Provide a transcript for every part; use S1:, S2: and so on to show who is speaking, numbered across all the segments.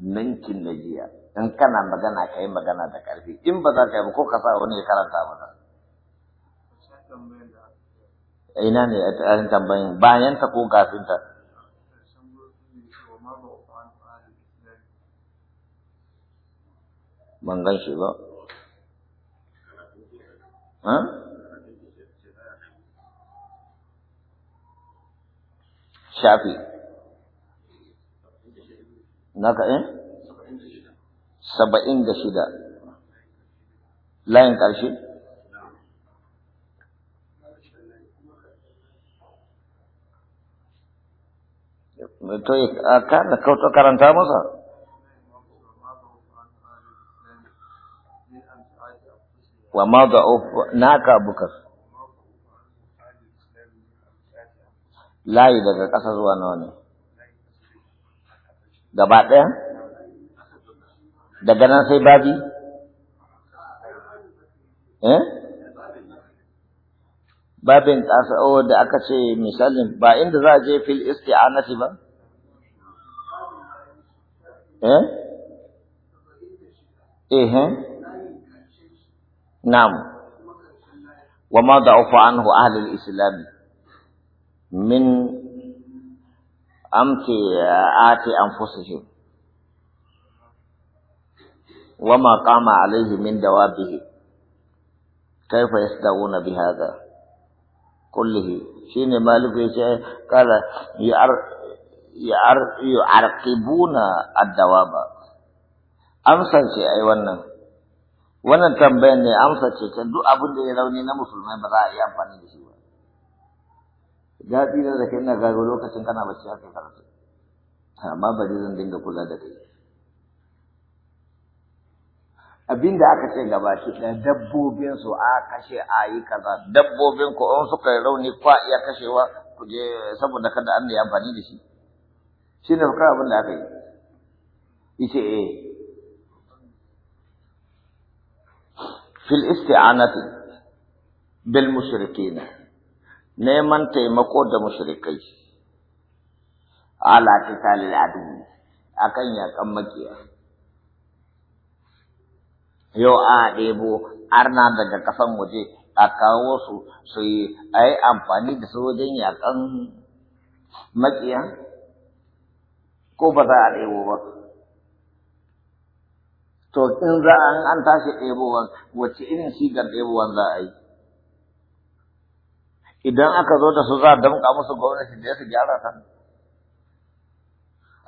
S1: ninkin na jiya in kana magana ka yi magana da ƙarfi in ba za ka yi ko ka sa wani ya karanta ba ina ne a tsarin tambayin bayan ta ko kafin ta ban gan shi ba shafi naka in saba'in da shida layin ƙarshe to a ka kauta karanta masa wa ma da'uf naka bukar layi daga ƙasa zuwa nawa ne gaba ɗaya daga nan sai babi eh babin ƙasa'o oh, da aka ce misalin ba inda za a je fil isti'anati ba eh eh, eh. na'am wa ma da'afa anhu ahlul islam min amke eh, ati anfusihim wa ma qama alaihi min dawabihi kaifa yasdauna bi hadha kullihi shine malik yace kala yar yar yu'arqibuna ad-dawaba amsan ce ai wannan wannan tambayar ne amsa ce ta duk abin da ya rauni na musulmai ba za a yi amfani da shi ba daɗi na da kai na gago lokacin kana bacci aka karatu amma bari zan dinga kula da kai abin da aka ce gaba shi ɗaya dabbobin su a kashe a yi kaza dabbobin ku in suka rauni kwa iya kashewa ku je saboda kada an yi amfani da shi shi ne abin da aka yi ice eh fil isti'anati bil mushrikina neman taimako da mushrikai ala talil adu akan yakan makiya yau a ɗebo arna daga kasan waje a kawo su su yi a yi amfani da su wajen yakan makiya ko ba za a ɗebo ba to in za an tashi ɗebowan wacce irin sigar ɗebowan za a yi idan aka zo da su za a damƙa musu gwamnati da su gyara ta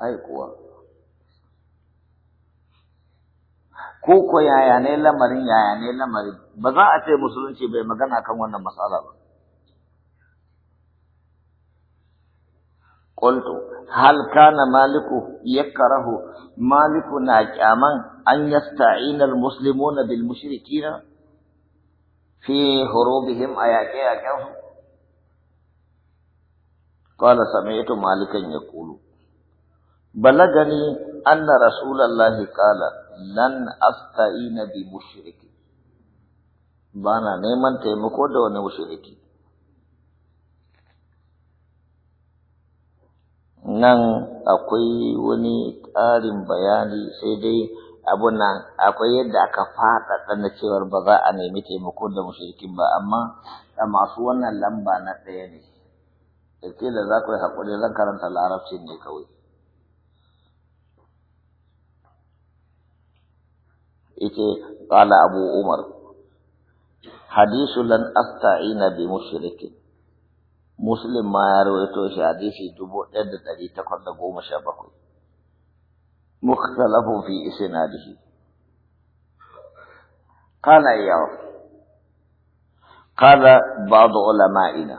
S1: ai kuwa ko ko yaya ne lamarin yaya ne lamarin ba za a ce musulunci bai magana kan wannan matsala ba qultu hal kana maliku karahu maliku na kyaman an yasta'ina almuslimuna bil mushrikina fi horo a yaƙe ayaqiyaqahu قال سمعت مالكا يقول بلغني أن رسول الله قال لن أستعين بمشرك بانا نيمان تيمكو دون مشرك nan akwai wani ƙarin bayani sai dai abun nan akwai yadda aka faɗaɗa na cewar ba za a nemi taimako da mushrikin ba amma masu wannan lamba na ɗaya ne ارکی دا کوئی حق و لیدن کرن تا لعرب چین نیکوئی ایچه قال ابو عمر حديث لن أستعين بمشرك مسلم ما رویتوش حدیثی دبو اید تاری تکن دبو مشابکو مختلف في اسن حدیث قال ایعو قال بعض علمائنا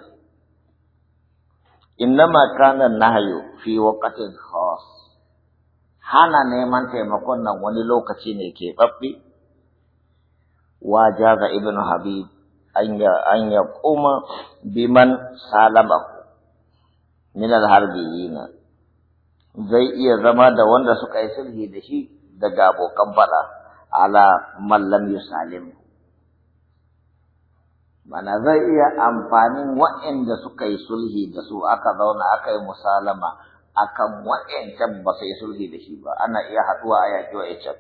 S1: innama kana nahyu fi waqtin khas hana neman taimakon nan wani lokaci ne ke babbi wa jaza ibnu habib anya anya kuma biman salamahu min al zai iya zama da wanda suka yi sulhi da shi daga abokan fada ala mallam yusalimu mana zai iya amfanin waɗanda suka yi sulhi da su aka zauna aka yi musalama akan waɗancan ba su yi sulhi da shi ba ana iya haɗuwa a yaƙi waɗancan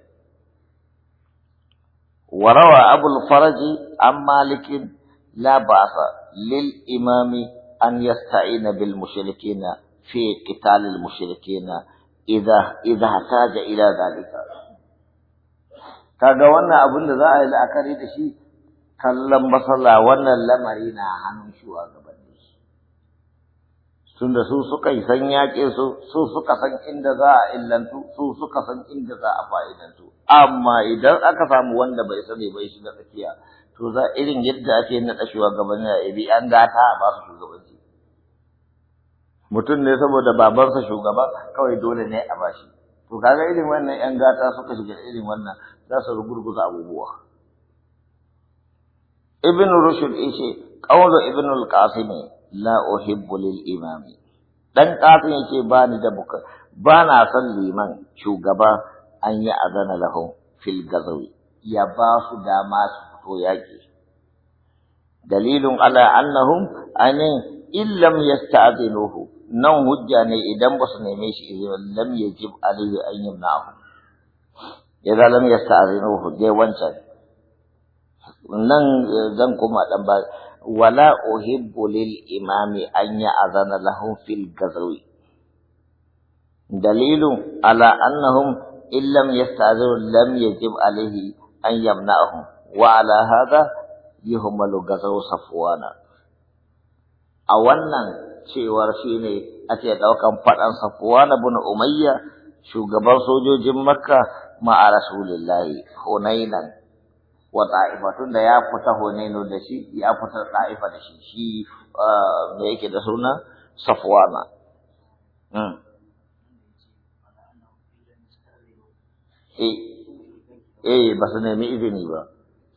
S1: وروى أبو الفرج عن مالك لا بأس للإمام أن يستعين بالمشركين في قتال المشركين إذا إذا احتاج إلى ذلك. كاغا وانا أبو الله ذا إلى أكاري kallon basala wannan lamari na hannun sun tunda su suka yi san yaƙe su su suka san inda za a illantu su suka san inda za a fa'idantu amma idan aka samu wanda bai sani bai shiga tsakiya to za irin yadda ake naɗa shugabanni ya ibi an gata a ba su shugabanci mutum ne saboda babansa shugaba kawai dole ne a ba shi, to kaga irin wannan 'yan gata suka shiga irin wannan za su rugurguza abubuwa ibn rushd yace qawlu ibn al-qasim la uhibbu lil imami dan qasim yace ba ni da buka ba na son liman Shugaban. an yi azana lahu fil gazawi ya ba su dama su fito yaki dalilun ala annahum anin illam yasta'dinuhu nan hujja ne idan ba su neme shi izinin lam yajib alaihi an yamnahu idan lam yasta'zinuhu dai wancan nan eh, zan koma dan ba wala uhibbu lil imami an azana lahu fil gazawi dalilu ala annahum illam yasta'zinu lam yajib alayhi an yamna'ahum wa ala hadha yuhmalu gazaw safwana a wannan cewar shine ake ɗaukan faɗan safwana bin umayya shugaban sojojin makka ma'a rasulillahi hunainan wa ta'ifatun da ya fita Hunainu da shi ya fita ta'ifa da shi shi uh, me yake da suna Safwana mm eh eh ba su nemi izini ba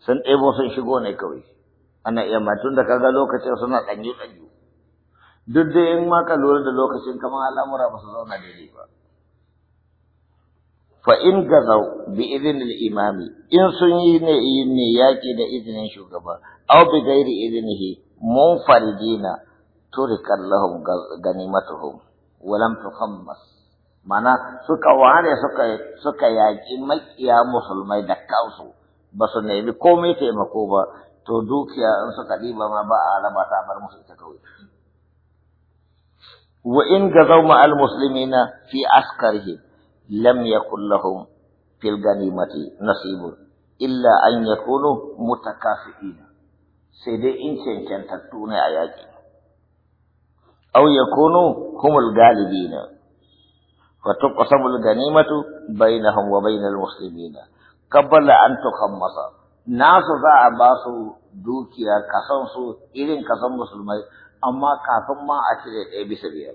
S1: sun ɗebo sun shigo ne kawai ana iya matun da kaga lokacin suna ɗanyu ɗanyu duk da in ma ka lura da lokacin kamar al'amura ba su zauna daidai ba فإن جزوا بإذن الإمام إن سنين إن ياكي بإذن شوكبا أو بغير إذنه منفردين ترك لهم غنيمتهم ولم تخمس mana suka ware suka suka yaƙi makiya musulmai da kansu ba su nemi komai taimako ba to dukiya in suka ɗiba ma ba a raba ta bar musu ita kawai wa in gazaw ma al muslimina fi askarihim لم يكن لهم في الغنيمة نصيب إلا أن يكونوا متكافئين سيدي كان تكتون أياكي أو يكونوا هم الغالبين فتقسم الغنيمة بينهم وبين المسلمين قبل أن تخمص ناس ذا عباس دوكيا كسنس إذن كسن مسلمين أما كافما أشريت أبي سبيل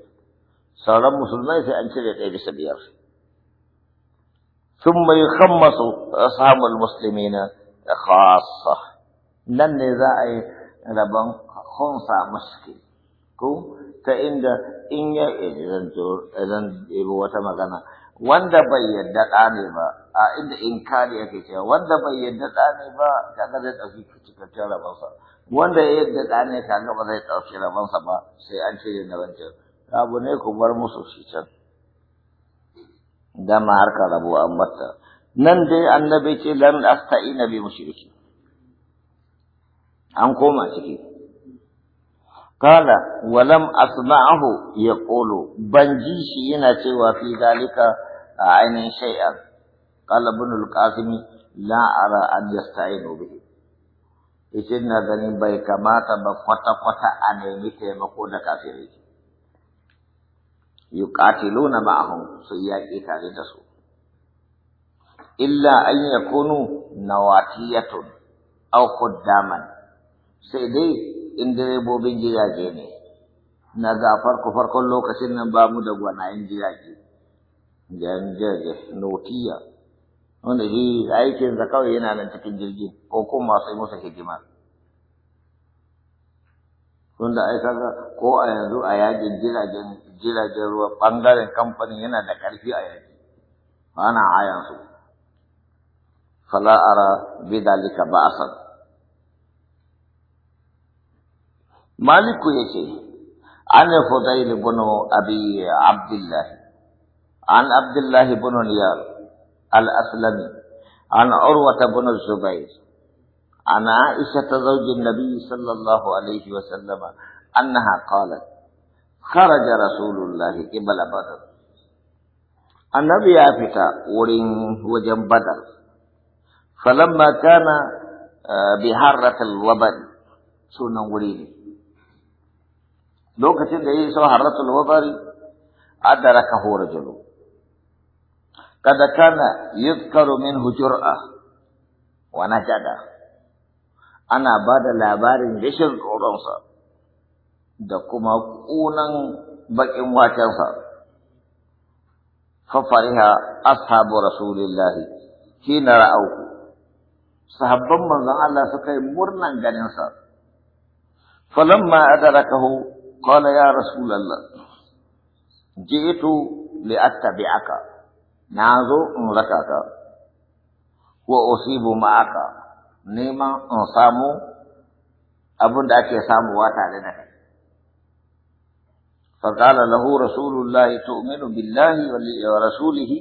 S1: سلام مسلمين سأنشريت أبي سبيل ثم يخمس أصحاب المسلمين خاصة لن ذا ربان خنصة مشكل ko ta inda in ya zan wata magana wanda bai yadda ɗa ne ba a inda in kare yake cewa wanda bai yadda ɗa ne ba kaga zai ɗauki cikakken rabonsa wanda ya yadda ɗa ne kaga ba zai ɗauki rabonsa ba sai an ce na wancan abu ne ku bar musu shi can dama harka rabu an mata nan dai annabi ce lan asta'ina bi mushriki an koma ciki kala walam asma'ahu yaqulu ban ji shi yana cewa fi zalika a ainihin shay'an kala ibn al-qasim la ara an yasta'inu bihi yace ina ganin bai kamata ba kwata-kwata a nemi taimako da kafirai yuqatiluna ma'ahum su yaƙi tare da su illa an yakunu nawatiyatun aw quddaman sai dai in direbobin jirage ne na ga farko farkon lokacin nan ba mu da gwanayen jirage jan jirage notiya wanda shi aikin sa kawai yana nan cikin jirgi ko kuma sai musu hidima wanda ai kaga ko a yanzu a yakin jiragen jiragen ruwa ɓangaren kamfanin yana da ƙarfi a yanzu ana hayansu fala ara bidalika ba'asan مالك يكي عن فضيل بن أبي عبد الله عن عبد الله بن نيار الأسلمي عن عروة بن الزبير عن عائشة زوج النبي صلى الله عليه وسلم أنها قالت خرج رسول الله قبل بدر النبي افتى ورين وجن بدر فلما كان آه، بحرة الوبد سنة ورين لو كنت تدعي سو حرة الوبد أدركه رجل قد كان يذكر منه جرأة ونجد أنا بدل لا بارين بشر ورنصر da kuma ƙunan baƙin wakensa. Fafariha ashabu Rasulillahi hina ra'auku. Sahabban manzon Allah suka yi murnan ganinsa. Falamma adarakahu qala ya Rasulallah ji'tu li attabi'aka na zo in raka ka wa usibu ma'aka neman in samu abin da ake samuwa tare da kai فقال له رسول الله تؤمن بالله ورسوله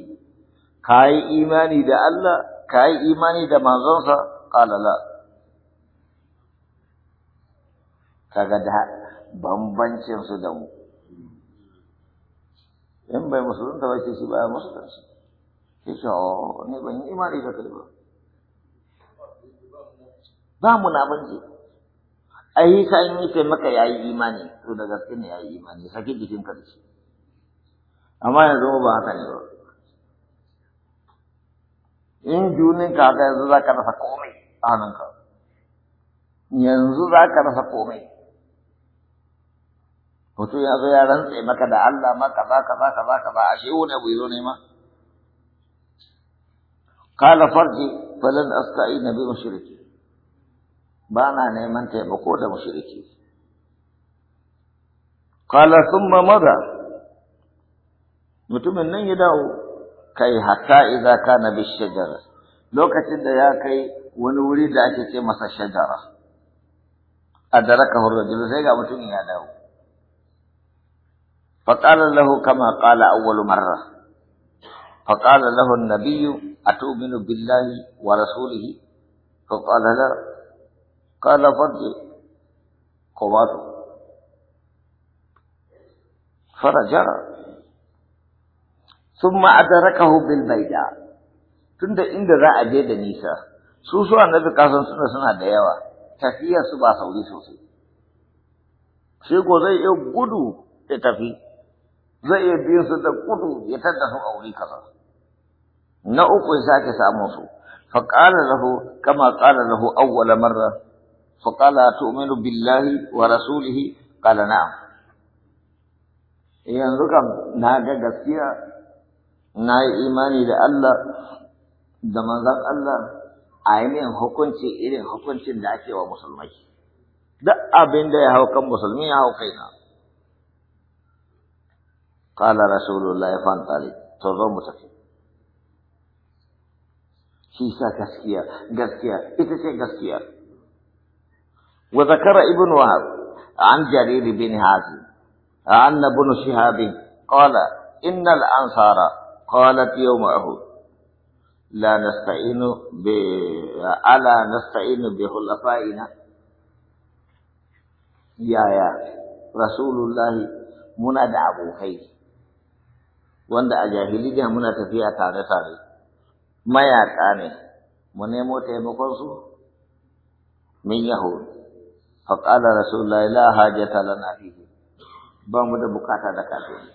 S1: كاي Kayi دا الله كاي إيماني دا منظنسا قال لا kaga da bambancin su da mu in bai musulunta ba ce shi ba musulunci sai ce o ban yi imani da kai ba ba mu na banci ai ka in yi ce maka yayi imani to da gaske ne yayi imani sake jikin ka dashi amma yanzu ba haka ne ba in junin ka haka yanzu za ka rasa komai a hannunka yanzu za ka rasa komai mutum ya zo ya rantse maka da Allah ma kaza kaza kaza kaza ashe ne abu zo ne ma farji falan فلن nabi mushriki بانا نعمن ته مکو د مشرکی قال ثم مضى متمن نن يداو كاي حتى اذا كان بالشجر لوكتين ده يا كاي وني وري ده اكي تي مسا شجره ادركه الرجل سيغا متمن يداو فقال له كما قال اول مره فقال له النبي اتؤمن بالله ورسوله فقال له قال فرجي قواته فرجع ثم أدركه بالبيداء tunda inda za a je da nisa su su annabi kasan suna da yawa tafiyar su ba sauri sosai shi ko zai iya gudu ya tafi zai iya biyan su da gudu ya tadda su a wuri kaza na uku ya sake samu su fa qala lahu kama qala lahu awwala marra فقال تؤمن بالله ورسوله قال نعم yanzu kam na ga gaskiya na yi imani da Allah da manzan Allah a yi hukunci irin hukuncin da ake wa musulmai duk abin da ya hau kan musulmi ya hau kaina qala rasulullahi fantali to zo mu tafi shi sa gaskiya gaskiya ita ce gaskiya وذكر ابن وهب عن جرير بن هازم عن ابن شهاب قال إن الأنصار قالت يوم أحد لا نستعين ب ألا نستعين بخلفائنا يا يا رسول الله منا ابو خيس wanda a jahiliya muna tafiya tare tare mayaƙa ne mu nemo taimakon su min فقال رسول الله لا حاجة لنا فيه mu da bukata da kafiri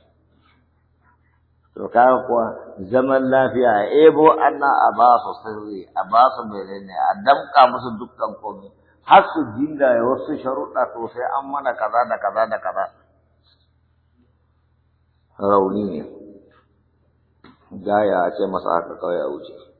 S1: to kaga kuwa zaman lafiya ebo anna a ba sirri a ba su menene a damka musu dukkan komai har su jingaye wasu sharuɗa to sai an mana kaza da kaza da kaza rauni ne gaya ce masa haka kawai a wuce